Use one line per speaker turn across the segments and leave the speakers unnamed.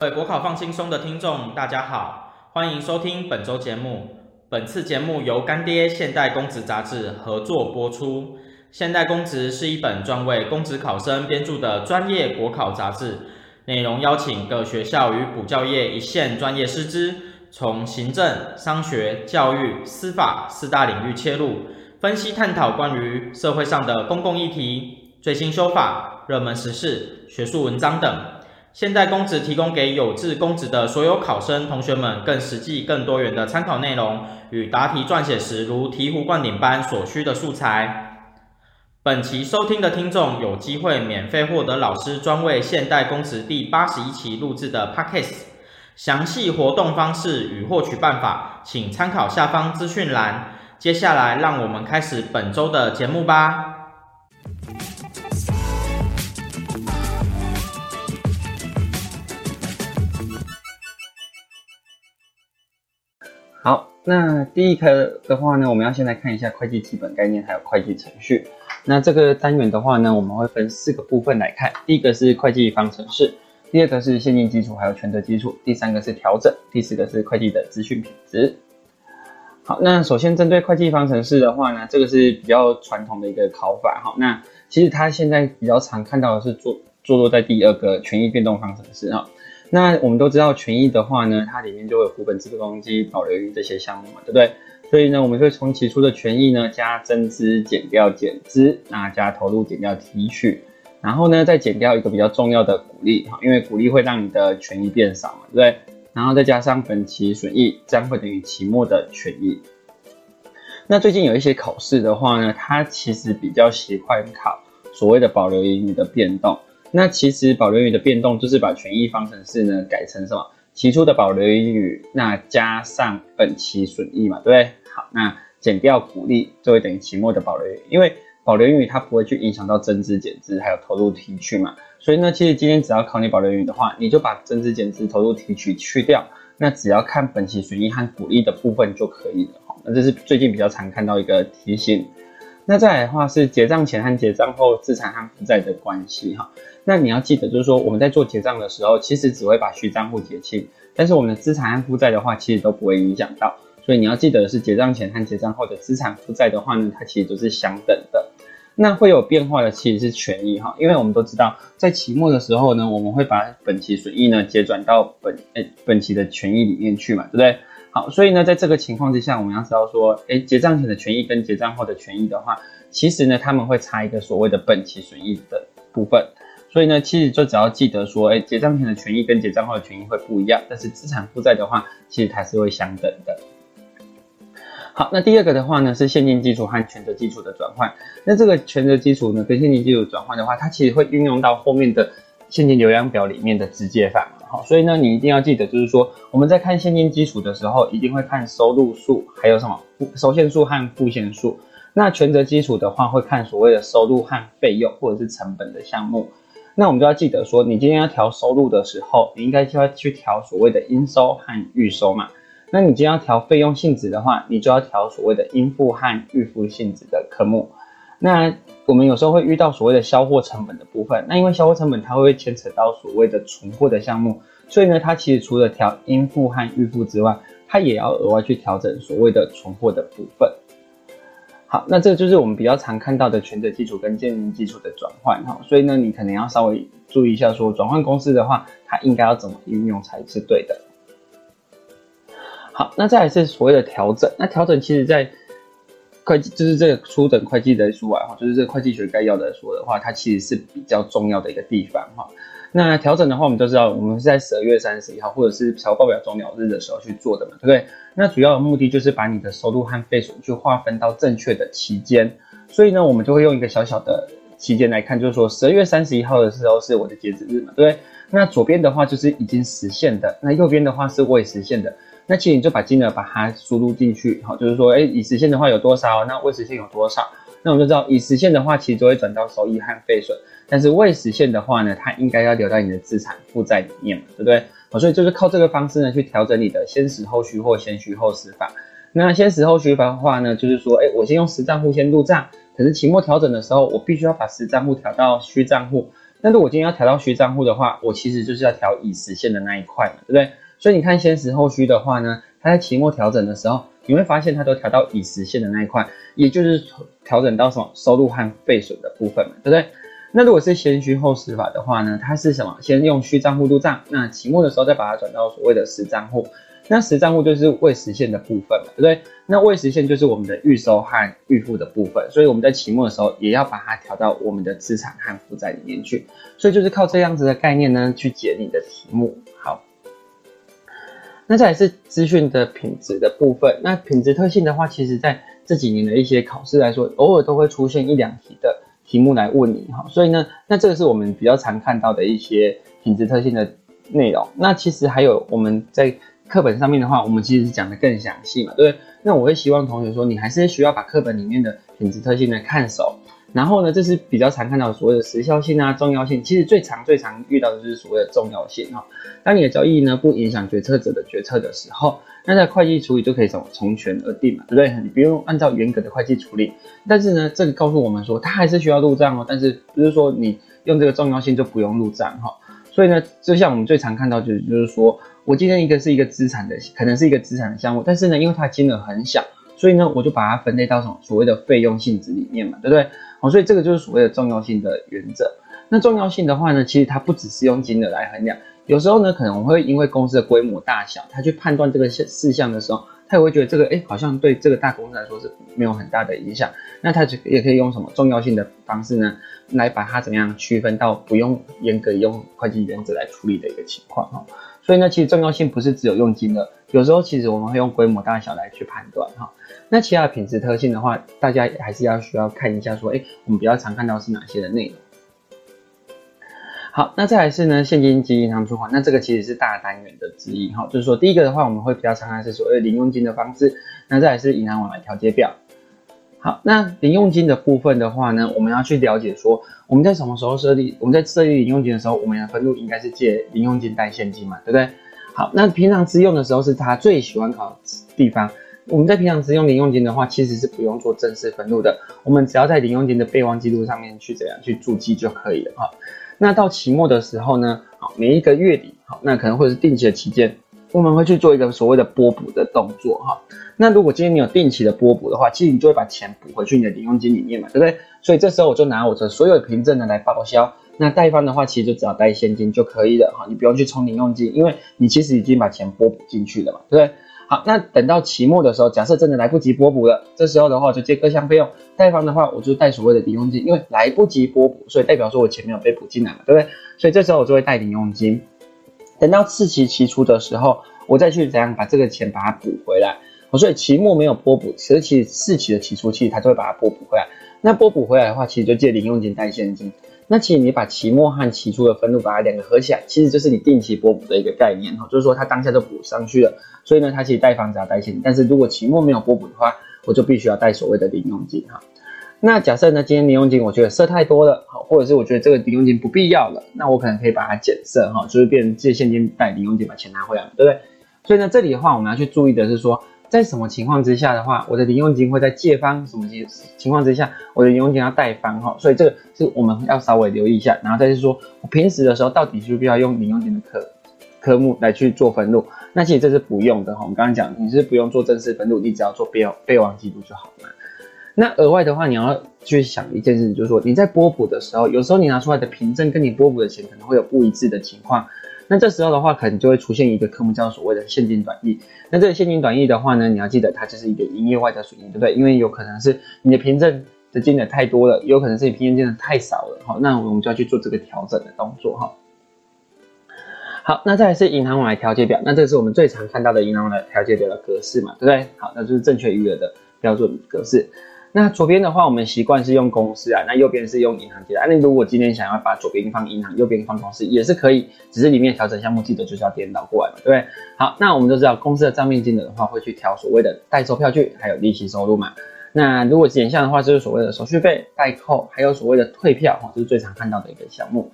各位國考放輕鬆的聽眾，大家好，歡迎收聽本周節目。本次節目由乾爹現代公職雜誌合作播出。現代公職是一本專為公職考生編著的專業國考雜誌，內容邀請各學校與補教業一線專業師資，從行政、商學、教育、司法四大領域切入，分析探討關於社會上的公共議題、最新修法、熱門時事、學術文章等。現代公職提供給有志公職的所有考生、同學們更實際、更多元的參考內容與答題撰寫時如醍醐灌頂般所需的素材。本期收聽的聽眾有機會免費獲得老師專為現代公職第八十一期錄制的 Podcast。詳細活動方式與獲取辦法，請參考下方資訊欄。接下來，讓我們開始本周的節目吧。那第一科的話呢，我們要先來看一下會計基本概念還有會計程序。那這個單元的話呢，我們會分四個部分來看，第一個是會計方程式，第二個是現金基礎還有權責基礎，第三個是調整，第四個是會計的資訊品質。好，那首先針對會計方程式的話呢，這個是比較傳統的一個考法哈。那其實它現在比較常看到的是坐坐落在第二個權益變動方程式哈。那我們都知道權益的話呢，它裡面就會有股本、資本公積、保留盈這些項目嘛，對不對？所以呢，我們會從起初的權益呢加增資、減掉減資，那、啊、加投入、減掉提取，然後呢再減掉一個比較重要的股利哈，因為股利會讓你的權益變少嘛，對不對？然後再加上本期損益，將會等於期末的權益。那最近有一些考試的話呢，它其實比較習慣考所謂的保留盈餘的變動。那其實保留盈餘的變動就是把權益方程式呢改成什麼？期初的保留盈餘，那加上本期損益嘛，對不對？好，那減掉股利就會等於期末的保留盈餘。因為保留盈餘它不會去影響到增資減資還有投入提取嘛，所以呢，其實今天只要考你保留盈餘的話，你就把增資減資、投入提取去掉，那只要看本期損益和股利的部分就可以了。好，那這是最近比較常看到一個題型。那再來的話是結賬前和結賬後資產和負債的關係哈，那你要記得就是說我們在做結賬的時候，其實只會把虛賬戶結清，但是我們的資產和負債的話，其實都不會影響到，所以你要記得的是結賬前和結賬後的資產負債的話呢，它其實都是相等的。那會有變化的其實是權益哈，因為我們都知道在期末的時候呢，我們會把本期損益呢結轉到本誒、欸、本期的權益裡面去嘛，對不對？好，所以呢，在這個情況之下，我們要知道說，哎，結賬前的權益跟結賬後的權益的話，其實呢，他們會差一個所謂的本期損益的部分。所以呢，其實就只要記得說，哎，結賬前的權益跟結賬後的權益會不一樣，但是資產負債的話，其實它是會相等的。好，那第二個的話呢，是現金基礎和權責基礎的轉換。那這個權責基礎呢跟現金基礎轉換的話，它其實會運用到後面的現金流量表裡面的直接法。好，所以呢，你一定要記得，就是說我們在看現金基礎的時候，一定會看收入數，還有什麼收現數和付現數。那權責基礎的話，會看所謂的收入和費用或者是成本的項目。那我們就要記得說，你今天要調收入的時候，你應該就要去調所謂的應收和預收嘛。那你今天要調費用性質的話，你就要調所謂的應付和預付性質的科目。那我們有時候會遇到所謂的銷貨成本的部分，那因為銷貨成本它會牽扯到所謂的存貨的項目，所以呢，它其實除了調應付和預付之外，它也要額外去調整所謂的存貨的部分。好，那這就是我們比較常看到的權責基礎跟現金基礎的轉換哈，所以呢，你可能要稍微注意一下說，說轉換公式的話，它應該要怎麼運用才是對的。好，那再來是所謂的調整，那調整其實在。會計就是這個初等會計的書啊，就是這個會計學概要的書的話，它其實是比較重要的一個地方啊，哈。那調整的話，我們都知道，我們是在十二月三十一號或者是財務報表終了日的時候去做的嘛，對不對？那主要的目的就是把你的收入和費損去劃分到正確的期間。所以呢，我們就會用一個小小的期間來看，就是說十二月三十一號的時候是我的截止日嘛，對不對？那左邊的話就是已經實現的，那右邊的話是未實現的。那其實你就把金額把它輸入進去，好，就是說，哎、欸，已實現的話有多少，那未實現有多少，那我們就知道已實現的話其實就會轉到收益和費損，但是未實現的話呢，它應該要留在你的資產負債裡面嘛，對不對？好，所以就是靠這個方式呢，去調整你的先實後虛或先虛後實法。那先實後虛法的話呢，就是說，哎、欸，我先用實賬戶先入賬，可是期末調整的時候，我必須要把實賬戶調到虛賬戶。那如果今天要調到虛賬戶的話，我其實就是要調已實現的那一塊嘛，對不對？所以你看，先實後虛的話呢，它在期末調整的時候，你會發現它都調到已實現的那一塊，也就是調整到什麼收入和費損的部分嘛，對不對？那如果是先虛後實法的話呢，它是什麼？先用虛賬戶入賬，那期末的時候再把它轉到所謂的實賬戶。那實賬戶就是未實現的部分嘛，對不對？那未實現就是我們的預收和預付的部分，所以我們在期末的時候也要把它調到我們的資產和負債裡面去。所以就是靠這樣子的概念呢，去解你的題目。那再來是資訊的品質的部分。那品質特性的話，其實在這幾年的一些考試來說，偶爾都會出現一兩題的題目來問你哈。所以呢，那這個是我們比較常看到的一些品質特性的內容。那其實還有我們在課本上面的話，我們其實是講的更詳細嘛，對不對？那我會希望同學說，你還是需要把課本裡面的品質特性的看熟。然後呢，這是比較常看到的所謂的時效性啊、重要性。其實最常、最常遇到的就是所謂的重要性哈。當你的交易呢不影響決策者的決策的時候，那在會計處理就可以從從權而定嘛，對不對？你不用按照嚴格的會計處理。但是呢，這個告訴我們說，它還是需要入賬哦。但是不是說你用這個重要性就不用入賬哈、哦？所以呢，就像我們最常看到的就是，就是說我今天一個是一個資產的，可能是一個資產的項目，但是呢，因為它金額很小，所以呢，我就把它分類到什麼所謂的費用性質裡面嘛，對不對？好，所以這個就是所謂的重要性的原則。那重要性的話呢，其實它不只是用金額來衡量，有時候呢，可能會因為公司的規模大小，他去判斷這個事事項的時候，他也會覺得這個，哎，好像對這個大公司來說是沒有很大的影響。那他就也可以用什麼重要性的方式呢，來把它怎麼樣區分到不用嚴格用會計原則來處理的一個情況哈。所以呢，其實重要性不是只有用金額。有時候其實我們會用規模大小來去判斷哈，那其他的品質特性的話，大家還是要需要看一下說，哎，我們比較常看到是哪些的內容。好，那再來是呢現金及銀行存款，那這個其實是大單元的之一哈，就是說第一個的話，我們會比較常看是所謂的零用金的方式，那再來是銀行往來調節表。好，那零用金的部分的話呢，我們要去了解說我們在什麼時候設立，我們在設立零用金的時候，我們的分錄應該是借零用金貸現金嘛，對不對？好，那平常使用的時候是他最喜歡考的地方。我們在平常使用零用金的話，其實是不用做正式分錄的，我們只要在零用金的備忘記錄上面去怎樣去注記就可以了哈。那到期末的時候呢，好，每一個月底，好，那可能會是定期的期間，我們會去做一個所謂的撥補的動作哈。那如果今天你有定期的撥補的話，其實你就會把錢補回去你的零用金裡面嘛，對不對？所以這時候我就拿我的所有憑證呢來報銷。那貸方的話，其實就只要貸現金就可以了哈，你不用去充零用金，因為你其實已經把錢撥補進去了嘛，對不對？好，那等到期末的時候，假設真的來不及撥補了，這時候的話就借各項費用，貸方的話我就貸所謂的零用金，因為來不及撥補，所以代表說我錢沒有被補進來嘛，對不對？所以這時候我就會貸零用金，等到次期期初的時候，我再去怎樣把這個錢把它補回來，我說所以期末沒有撥補，其實次期的期初期它就會把它撥補回來，那撥補回來的話，其實就借零用金貸現金。那其實你把期末和期初的分錄，把它兩個合起來，其實就是你定期撥補的一個概念哈，就是說它當下就補上去了，所以呢，它其實貸方要貸現金，但是如果期末沒有撥補的話，我就必須要貸所謂的零用金哈。那假設呢，今天零用金我覺得設太多了，或者是我覺得這個零用金不必要了，那我可能可以把它減設哈，就是變成借現金貸零用金把錢拿回來，對不對？所以呢，這裡的話我們要去注意的是說，在什麼情況之下的話，我的零用金會在借方，什麼情情況之下，我的零用金要貸方哈，所以這個是我們要稍微留意一下，然後再去說我平時的時候到底需不是要用零用金的科科目來去做分錄？那其實這是不用的哈，我剛剛講你是不用做正式分錄，你只要做備備忘記錄就好了。那額外的話，你要去想一件事情，就是說你在撥補的時候，有時候你拿出來的憑證跟你撥補的錢可能會有不一致的情況。那這時候的話，可能就會出現一個科目，叫所謂的現金短溢。那這個現金短溢的話呢，你要記得它就是一個營業外的損益，對不對？因為有可能是你的憑證的金額太多了，有可能是你憑證金額太少了。好、哦，那我們就要去做這個調整的動作哈、哦。好，那再來是銀行往來調節表，那這是我們最常看到的銀行往來調節表的格式嘛，對不對？好，那就是正確餘額的標準格式。那左邊的話，我們習慣是用公司啊，那右邊是用銀行結單。啊，那如果今天想要把左邊放銀行，右邊放公司也是可以，只是裡面調整項目記得就是要顛倒過來嘛，對不對？好，那我們都知道公司的賬面金額的話，會去調所謂的代收票據，還有利息收入嘛。那如果減項的話，就是所謂的手續費、代扣，還有所謂的退票，哈、哦，這、就是最常看到的一個項目。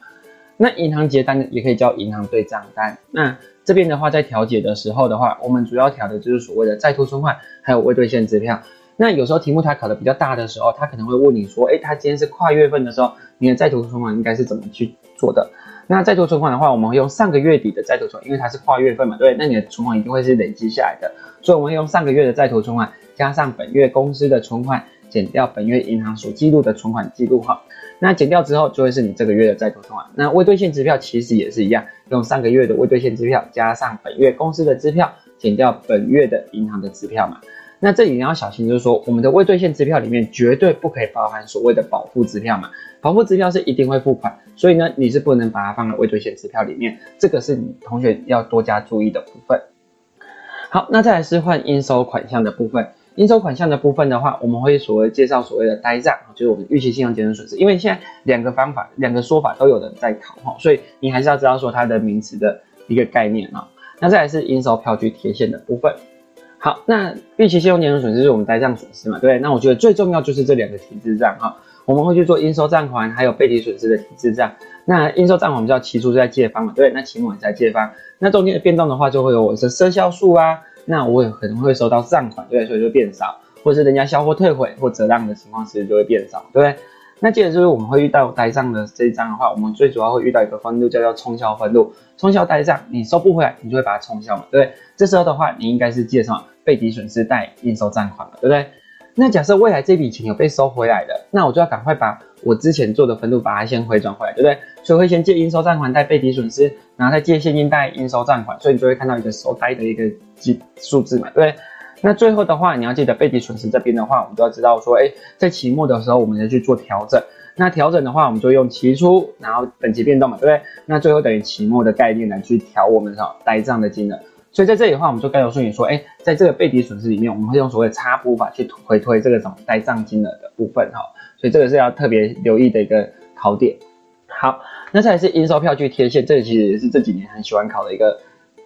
那銀行結單也可以叫銀行對賬單。那這邊的話，在調節的時候的話，我們主要調的就是所謂的在途存款，還有未兌現支票。那有時候題目它考的比較大的時候，它可能會問你說，哎，它今天是跨月份的時候，你的在途存款應該是怎麼去做的？那在途存款的話，我們會用上個月底的在途存款，因為它是跨月份嘛，對，那你的存款一定會是累積下來的，所以我們會用上個月的在途存款加上本月公司的存款，減掉本月銀行所記錄的存款記錄哈，那減掉之後就會是你這個月的在途存款。那未兌現支票其實也是一樣，用上個月的未兌現支票加上本月公司的支票，減掉本月的銀行的支票嘛。那這裡你要小心，就是說我們的未兌現支票裡面絕對不可以包含所謂的保付支票嘛，保付支票是一定會付款，所以呢，你是不能把它放在未兌現支票裡面，這個是你同學要多加注意的部分。好，那再來是換應收款項的部分，應收款項的部分的話，我們會所謂介紹所謂的呆賬，就是我們預期信用減值損失，因為現在兩個方法，兩個說法都有人在考哈，所以你還是要知道說它的名詞的一個概念啊。那再來是應收票據貼現的部分。好，那預期信用減值損失就是我們呆賬損失嘛，對，那我覺得最重要就是這兩個體制賬哈，我們會去做應收賬款，還有備抵損失的體制賬。那應收賬款我們就要期初在借方嘛，對，那期末在借方。那中間的變動的話，就會有我是賒銷數啊，那我也可能會收到賬款，對，所以就變少，或者是人家銷貨退回或折讓的情況，其實就會變少，對不對？那接着就是我們會遇到呆賬的這一章的話，我們最主要會遇到一個分錄，叫做沖銷分錄。沖銷呆賬，你收不回來，你就會把它沖銷嘛，對不對？這時候的話，你應該是借什麼？備抵損失貸應收賬款了，對不對？那假設未來這筆錢有被收回來的，那我就要趕快把我之前做的分錄把它先回轉回來，對不對？所以我會先借應收賬款貸備抵損失，然後再借現金貸應收賬款，所以你就會看到一個收呆的一個數字嘛，對不對？那最後的話，你要記得備抵損失這邊的話，我們都要知道說，哎、欸，在期末的時候，我們要去做調整。那調整的話，我們就用期初，然後本期變動嘛，對不對？那最後等於期末的概念來去調我們的呆賬的金額。所以在這裡的話，我們就告訴你說，哎、欸，在這個備抵損失裡面，我們會用所謂的差額法去回推,推這個什麼呆賬金額的部分哈。所以這個是要特別留意的一個考點。好，那再來是應收票據貼現，這個其實也是這幾年很喜歡考的一個。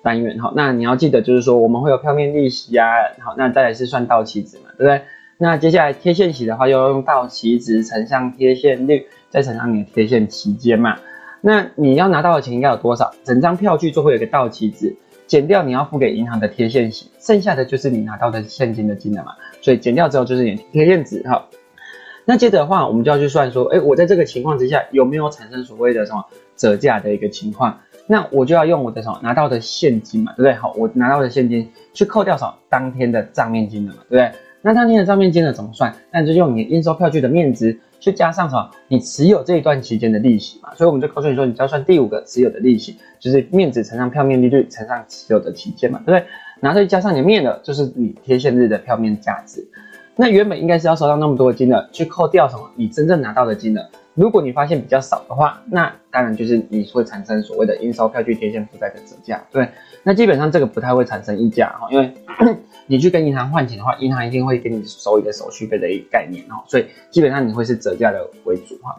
單元。好，那你要記得就是說我們會有票面利息啊，好，那再來是算到期值嘛，對不對？那接下來貼現息的話，又要用到期值乘上貼現率，再乘上你的貼現期間嘛。那你要拿到的錢應該有多少？整張票據就會有一個到期值，減掉你要付給銀行的貼現息，剩下的就是你拿到的現金的金額嘛。所以減掉之後就是你的貼現值。好，那接着的話，我們就要去算說，哎，我在這個情況之下有沒有產生所謂的什麼折價的一個情況？那我就要用我的什麼拿到的現金嘛，對不對？好，我拿到的現金去扣掉什麼當天的賬面金額嘛，對不對？那當天的賬面金額怎麼算？那你就用你應收票據的面值去加上什麼你持有這一段期間的利息嘛。所以我們就告訴你說，你就要算第五個持有的利息，就是面值乘上票面利率乘上持有的期間嘛，對不對？然後再加上你的面的，就是你貼現日的票面價值。那原本應該是要收到那麼多的金的，去扣掉什麼你真正拿到的金額，如果你發現比較少的話，那當然就是你會產生所謂的應收票據貼現負債的折價，對。那基本上這個不太會產生溢價哈，因為呵呵你去跟銀行換錢的話，銀行一定會給你收你的手續費的一個概念哈，所以基本上你會是折價的為主哈。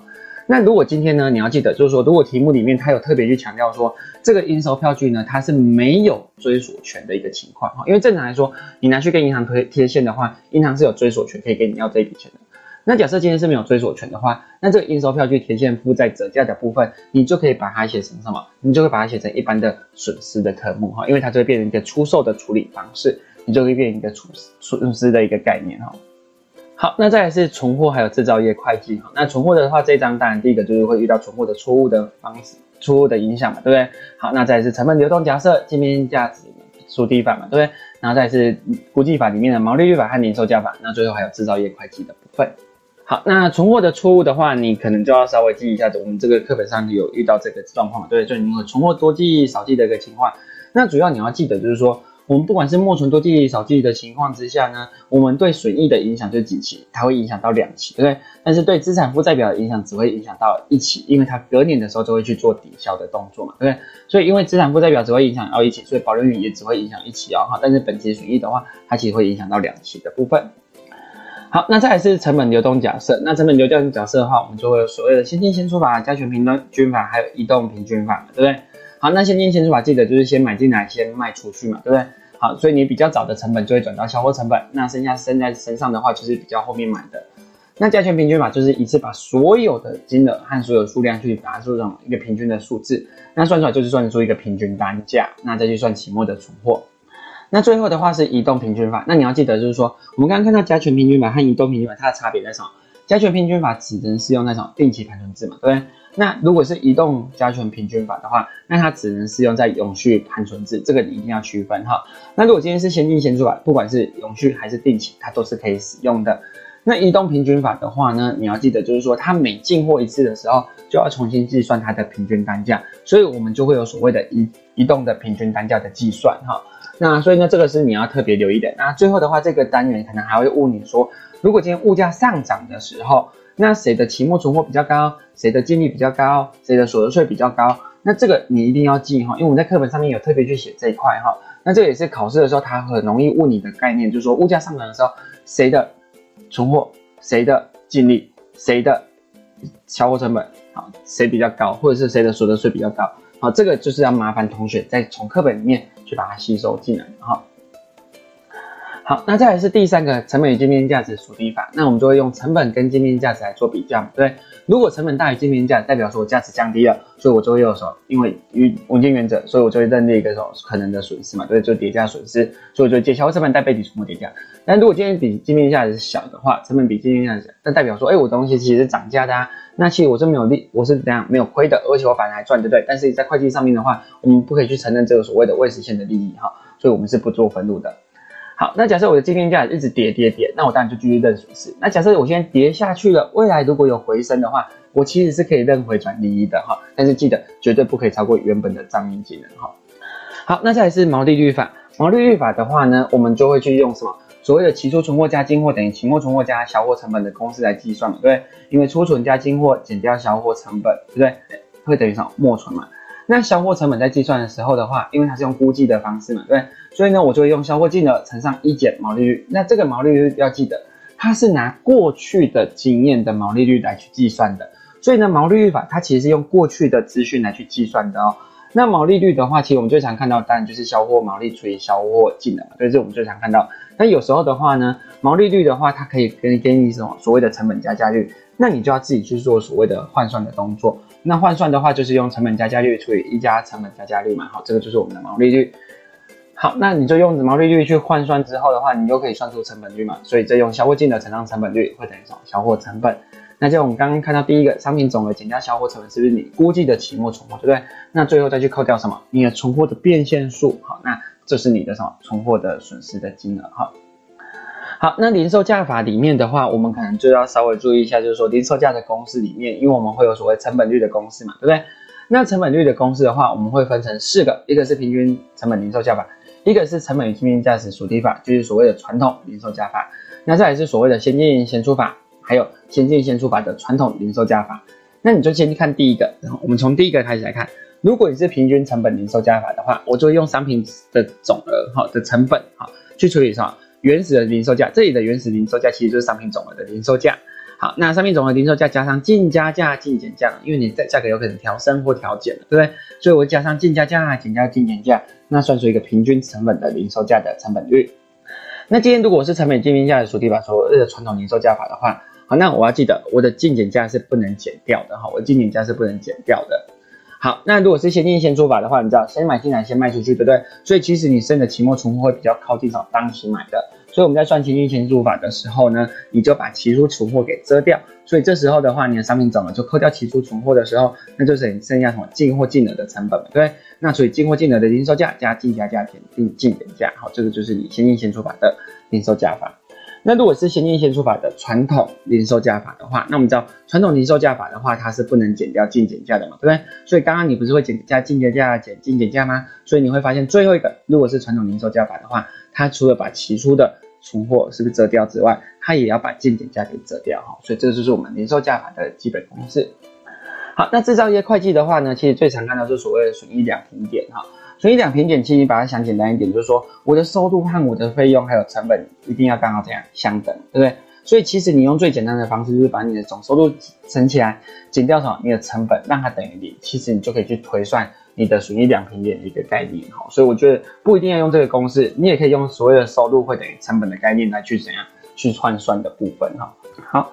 那如果今天呢，你要記得，就是說，如果題目裡面它有特別去強調說這個應收票據呢，它是沒有追索權的一個情況哈，因為正常來說，你拿去跟銀行貼貼現的話，銀行是有追索權可以跟你要這一筆錢的。那假設今天是沒有追索權的話，那這個應收票據貼現負債折價的部分，你就可以把它寫成什麼？你就會把它寫成一般的損失的科目哈，因為它就會變成一個出售的處理方式，你就會變成一個損損失的一個概念哈。好，那再來是存貨還有製造業會計哈。那存貨的話，這一章當然第一個就是會遇到存貨的錯誤的方式、錯誤的影響嘛，對不對？好，那再來是成本流動假設、計面價值孰低法嘛，對不對？然後再來是估計法裡面的毛利率法和零售價法。那最後還有製造業會計的部分。好，那存貨的錯誤的話，你可能就要稍微記一下子。我們這個課本上有遇到這個狀況嘛，對，就你存貨多計少計的一個情況。那主要你要記得就是說，我們不管是末存多計、少計的情況之下呢，我們對損益的影響就幾期，它會影響到兩期，對不對？但是對資產負債表的影響只會影響到一期，因為它隔年的時候就會去做抵消的動作嘛，對不對？所以因為資產負債表只會影響到一期，所以保留率也只會影響一期，然哈，但是本期損益的話，它其實會影響到兩期的部分。好，那再來是成本流動假設，那成本流動假設的話，我們就會有所謂的先進先出法、加權平均法，還有移動平均法，對不對？好，那先進先出法記得就是先買進來先賣出去嘛，對不對？好，所以你比較早的成本就會轉到銷貨成本，那剩下剩在身上的話就是比較後面買的。那加權平均法就是一次把所有的金額和所有數量去拿出這種一個平均的數字，那算出來就是算出一個平均單價，那再去算期末的存貨。那最後的話是移動平均法，那你要記得就是說，我們剛剛看到加權平均法和移動平均法它的差別在什麼？加權平均法只能適用那種定期盤存制嘛，對不對？那如果是移動加權平均法的話，那它只能適用在永續盤存制，這個你一定要區分哈。那如果今天是先進先出法，不管是永續還是定期，它都是可以使用的。那移動平均法的話呢，你要記得就是說，它每進貨一次的時候，就要重新計算它的平均單價，所以我們就會有所謂的移移動的平均單價的計算哈。那所以呢，這個是你要特別留意的。那最後的話，這個單元可能還會問你說。如果今天物價上漲的時候，那誰的期末存貨比較高？誰的淨利比較高？誰的所得稅比較高？那這個你一定要記哈，因為我們在課本上面有特別去寫這一塊哈。那這個也是考試的時候，它很容易問你的概念，就是說物價上漲的時候，誰的存貨、誰的淨利、誰的銷貨成本啊，誰比較高，或者是誰的所得稅比較高好，這個就是要麻煩同學再從課本裡面去把它吸收進來哈。好，那再來是第三個成本與淨面價值孰低法，那我們就會用成本跟淨面價值來做比較嘛，對，對。如果成本大於淨面價，代表說我價值降低了，所以我就會有什麼，因為文件原穩健原則，所以我就會認定一個什麼可能的損失嘛，對，就跌價損失，所以我就借銷售成本貸備抵科目跌價。但如果今天比淨面價值小的話，成本比淨面價值小，但代表說，哎、欸，我的東西其實是漲價的啊，那其實我是沒有利，我是怎樣沒有虧的，而且我反而還賺，對不對？但是在會計上面的話，我們不可以去承認這個所謂的未實現的利益哈，所以我們是不做分錄的。好，那假設我的今天價一直跌跌跌，那我當然就繼續認損失。那假設我現在跌下去了，未來如果有回升的話，我其實是可以認回轉利益的哈，但是記得絕對不可以超過原本的賬面金額哈。好，那再來是毛利率法，毛利率法的話呢，我們就會去用什麼所謂的期初存貨加進貨等於期末存貨加銷貨成本的公式來計算嘛，對不對？因為初存加進貨減掉銷貨成本，對不對？會等於什麼？末存嘛。那銷貨成本在計算的時候的話，因為它是用估計的方式嘛，對，所以呢，我就會用銷貨淨額乘上一減毛利率。那這個毛利率要記得，它是拿過去的經驗的毛利率來去計算的。所以呢，毛利率法它其實是用過去的資訊來去計算的哦。那毛利率的話，其實我們最常看到當然就是銷貨毛利除以銷貨淨額，對，這是我們最常看到。那有時候的話呢，毛利率的話，它可以給你一種所謂的成本加價率，那你就要自己去做所謂的換算的動作。那換算的話，就是用成本加價率除以一加成本加價率嘛，好，這個就是我們的毛利率。好，那你就用毛利率去換算之後的話，你就可以算出成本率嘛。所以這用銷貨淨額乘上成本率，會等於什麼？銷貨成本。那像我們剛剛看到第一個商品總額減加銷貨成本，是不是你估計的期末存貨，對不對？那最後再去扣掉什麼？你的存貨的變現數，好，那這是你的什麼存貨的損失的金額，哈。好，那零售價法裡面的話，我們可能就要稍微注意一下，就是說零售價的公式裡面，因為我們會有所謂成本率的公式嘛，對不對？那成本率的公式的話，我們會分成四個，一個是平均成本零售價法，一個是成本與平均價值孰低法，就是所謂的傳統零售價法。那再來是所謂的先進先出法，還有先進先出法的傳統零售價法。那你就先去看第一個，然後我們從第一個開始來看，如果你是平均成本零售價法的話，我就會用商品的總額好的成本好，去除以啥？原始的零售價，這裡的原始零售價其實就是商品總額的零售價。好，那商品總額零售價加上淨加價、淨減價，因為你在價格有可能調升或調減，對不對？所以我加上淨加價、減價、淨減價，那算出一個平均成本的零售價的成本率。那今天如果我是成本計名價的書弟來所謂的傳統零售價法的話，好，那我要記得我的淨減價是不能減掉的哈，我淨減價是不能減掉的。好，那如果是先進先出法的話，你知道先買進來先賣出去，對不對？所以其實你剩你的期末存貨會比較靠近早當時買的。所以我們在算先進先出法的時候呢，你就把期初存貨給遮掉。所以這時候的話，你的商品總額，就扣掉期初存貨的時候，那就是你剩下什麼進貨進來的成本，對不對？那所以進貨進來的零售價加進價加減定進點價，好，這個就是你先進先出法的零售價法。那如果是先進先出法的傳統零售價法的話，那我們知道傳統零售價法的話，它是不能減掉淨減價的嘛，對不對？所以剛剛你不是會減加淨減價，價減淨減價，價嗎？所以你會發現最後一個如果是傳統零售價法的話，它除了把期初的存貨是不是折掉之外，它也要把淨減，減價給折掉哈、哦。所以這就是我們零售價法的基本公式。好，那製造業會計的話呢，其實最常看到是所謂的損益兩平點哈、哦。損益兩平點，其實你把它想簡單一點，就是說我的收入和我的費用還有成本一定要剛好怎樣相等，對不對？所以其實你用最簡單的方式，就是把你的總收入乘起來，減掉什麼？你的成本讓它等於零，其實你就可以去推算你的損益兩平點的一個概念哈。所以我覺得不一定要用這個公式，你也可以用所謂的收入會等於成本的概念來去怎樣去換算的部分哈。好。